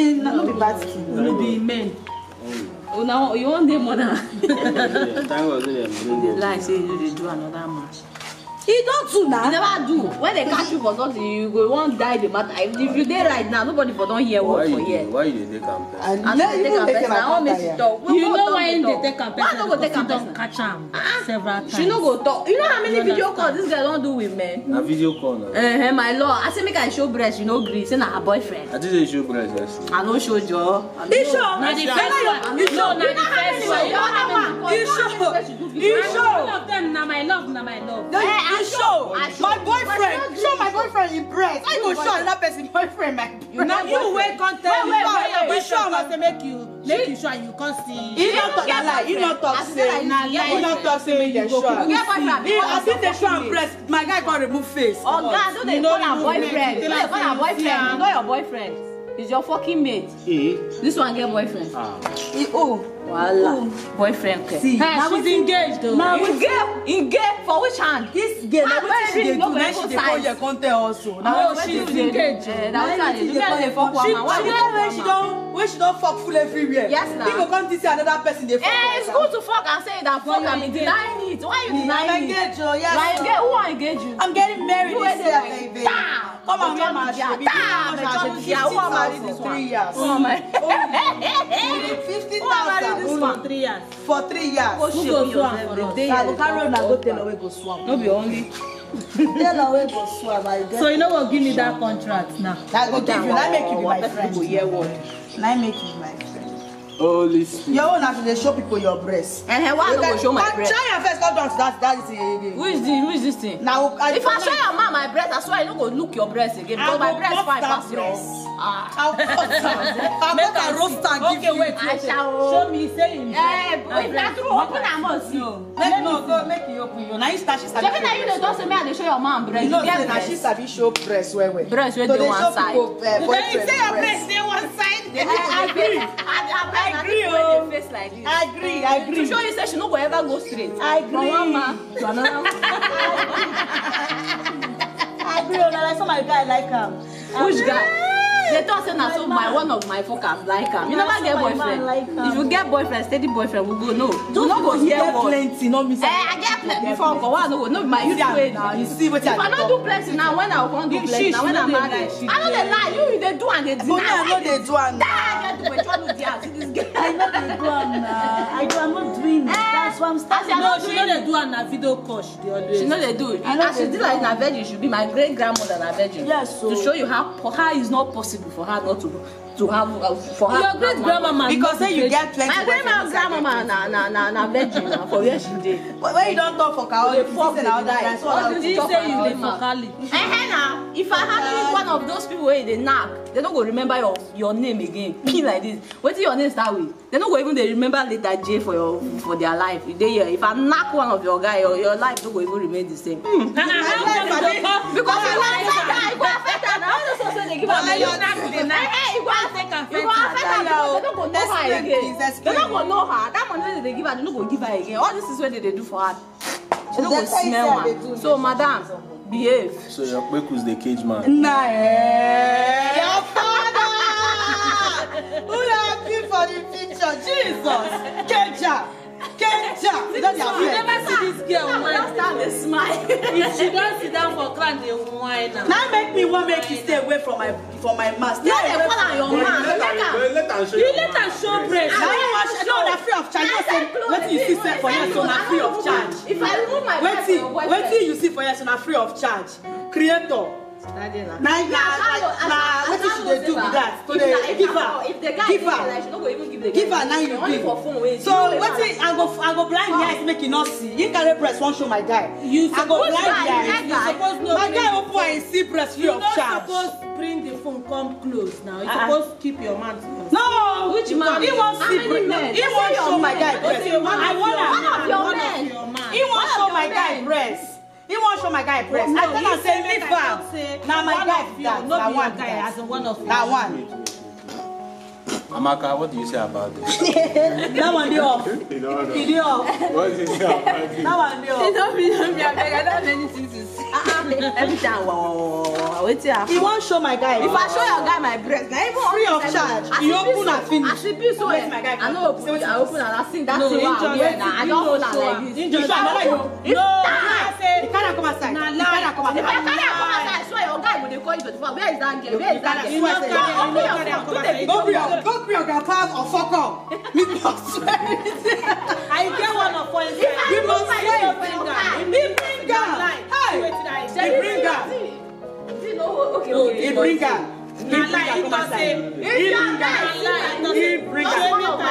eh na no be bad thing no be men una oh, you want them mother thank god say dem bring you lie say you do another match He don do na. He never do when they catch you for something you go wan die the matter if, if you dey right now nobody for don hear word for here. why you dey take am person. as you take am person i wan make she talk. you know why you dey take am person. why no go take am person. catch am ah, ah. several times. she no go talk you know how many video calls this girl don do with men. na video call na. Uh -huh, my lord i say make i show breast you no gree say na her boyfriend. i just say show breast yesterday. i no show jo. you show na the first one you show na the first one you know how many calls you show you show. one of them na my love na my love my boyfriend. Show my boyfriend in breast. I go show another person boyfriend my breast. Now you wait, can't tell me. We show am to make you make you sure you can't see. He not talk lie. He not talk say. He not talk say make you go. You get boyfriend. I see the show am breast. My guy can't remove face. Oh God! Don't they call am boyfriend. No dey call am boyfriend. You know your boyfriend. Is your fucking mate. Eh? This one get boyfriend. Ah. E, oh. oh Wahala. Oh. Boyfriend. Okay. See. Hey, she's engaged though. Now eh? we get engaged for which hand? This girl. Ah, now what she dey do? Oh. Ah, now she dey call your contact also. Now no, she's engaged. Eh, that's why she dey call your fuck woman. She know when she don when she don fuck full everywhere. Yes na. people come see say another person dey fuck. Eh, it's good to fuck and say that fuck am. Denying it. Why you denying it? I'm engaged. Oh, yes. Like, who engage you? I'm getting married this year, baby. Come on, máa ṣe Come on, wọ́n ṣe bí àwọn ọmọ mi for three years. fifty thousand for three years. for three years. kò ṣe bí o every day. na go carry una go tailor wey go be only. tailor wey go swam so you no go give me that contract now. na go give you na make you be my friend. na make you be my friend. Holy Spirit. Your own na to dey show people your breast. Eh, uh-huh, why I no go show my breast? Try your face, come down to that, that is it. Who is this, who is this thing? Now, I, If I show your man my breast, I swear I no go look your breast again. Because my breast fine pass your own. Ah. I'll cut Make a roast am give okay, you. Wait, I shall. Show me, say him. Eh, wait, na true. Open am up, see. Make no go, make you open your. Now you start, she start. Shebi na you dey talk say me I dey show your man breast. You know say na she sabi show breast well well. Breast wey dey one side. To dey show people boyfriend breast. You say your breast dey one side. I agree. I agree. I agree oh! face like this. I agree, I agree. To show you say she no go ever go straight. I agree. From one man to another I agree oh! na like some my guy like am. Which guy? they talk say na so my one of my focus like am you never get boyfriend like if you get boyfriend steady boyfriend we go no. you no go hear word plenty no miss eh i get plenty before nko wa no go no be my usual now you see what i dey talk if i not do plenty now, when i come do plenty now, when I'm married, i no dey lie you you dey do and dey deny but me i no dey do and am na I know they do am I do. I'm not doing it. That's why I'm starting. No, she know they do an na video call she dey always. She know they do And As she did like an virgin, she be my great grandmother an virgin. Yes, so. To show you how how is not possible for her not to go to have uh, for her. Your great grandmama because say you get plenty. My grandma grandmama na na na na virgin na for where she dey. when you don talk for kaoli you fit say na other guy so how you talk for kaoli. for kaoli. ehe na if i handle one of those people wey dey knack they no go remember your your name again mm. pin like this wetin your name start with they no go even dey remember later j for your for their life you dey here if i knack one of your guy your your life no go even remain the same. Hmm. because you wan set am you go affect am na all those ones wey dey give am money take her you go affect her because they no go know her again they no go know her that money wey they dey give her they no go give her again all this is what they dey do for her she no go smell am so madam behave. so your kpekus the cage man. Nah eh your father who you for the future, jesus cage am you never see this girl whine start dey smile if she don't sit down for ground dey whine am. Now make me wan make you stay away from my from my master. no dey call am your man make am you let am show breast. na you wan show na free of charge no say wetin you see for here so na free of charge. if i remove my mask your boyfriend. wetin you see for here so na free of charge creator na na wetin she dey do be that to dey give her give her give her na you give so wetin i go i go blind the eyes make e no see He carry breast wan show my guy i go blind the eyes my guy open eye see breast free of charge. you suppose bring the phone come close now you uh-uh. suppose keep your mouth closed. no which man he wan see breast he wan show my guy breast i wan am one of your men he wan show my guy breast he won't show my guy breast no, i tell am say leave am Now my guy be that no be your guy as in one of you na one. Amaka, what do you say about this? that one dey off. You don't He dey off. What do you say about this? That one dey off. He don't be don't be abeg. I don't have anything to say. Every time, wow, wow, wow, wait here. He won't show my guy. If I show your guy my breast, na even free of charge. You open and finish. I should be so, I know. open. I open and I That's that thing. No, enjoy it. I don't open like this. Enjoy. No, no, no father come outside. Na lie. Father come outside. If your father come outside, I swear your guy will dey call you 24. Where is that girl? Where is that girl? Go open your phone. Go open your grandpa's or fuck up.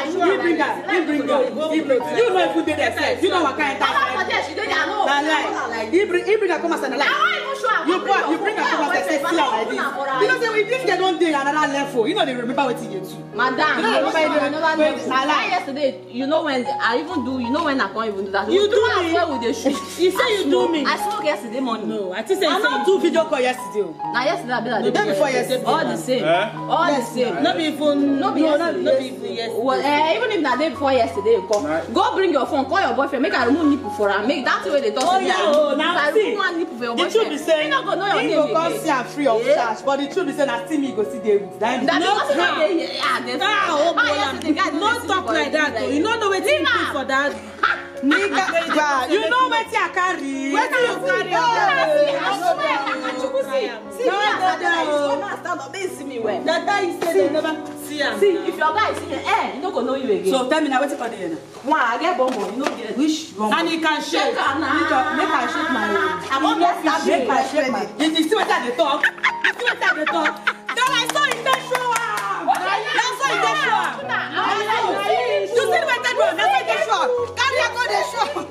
na you bring am he bring am he bring am you know if we dey there you know what kind of for he bring he bring am come as an lie you bring you bring a phone. as say see how I did. you know say we if dem don dey another level you know, they remember what you dey do. madam you know, dey remember wetin you dey do na yesterday you know when i even do you know when i can't even do that you do me well we shoot you say you do me i smoke yesterday morning no i just said. you say i no do video call yesterday oh. Now yesterday abi i dey The day before yesterday all the same eh? all the same Not be even no be yesterday well eh even if na day before yesterday you call. go bring your phone call your boyfriend make a remove nipple for her. make that thing they talk to oh, me oh, i remove one nipple for your boyfriend no go know your name again. he go come see am free of charge but the truth be say na still me go see dey with that be no how how ah, ah, oh ah, bola no talk like that o oh. you no know wetin you do for that nigga you know wetin i carry wetin you carry. stand up see me well. that time you say never see am. see if your guy is in you eh You don't go know you again. so tell me now wetin come dey here now. one i get bonbon you don't get. which bonbon. and he can shake. make i shake my own. i wan get sabi make i shake my. you see wetin i dey talk. you see wetin i dey talk. na I son in dey show am. na so in dey show up? you see the way i take do am na so show up? Can't am go dey show up?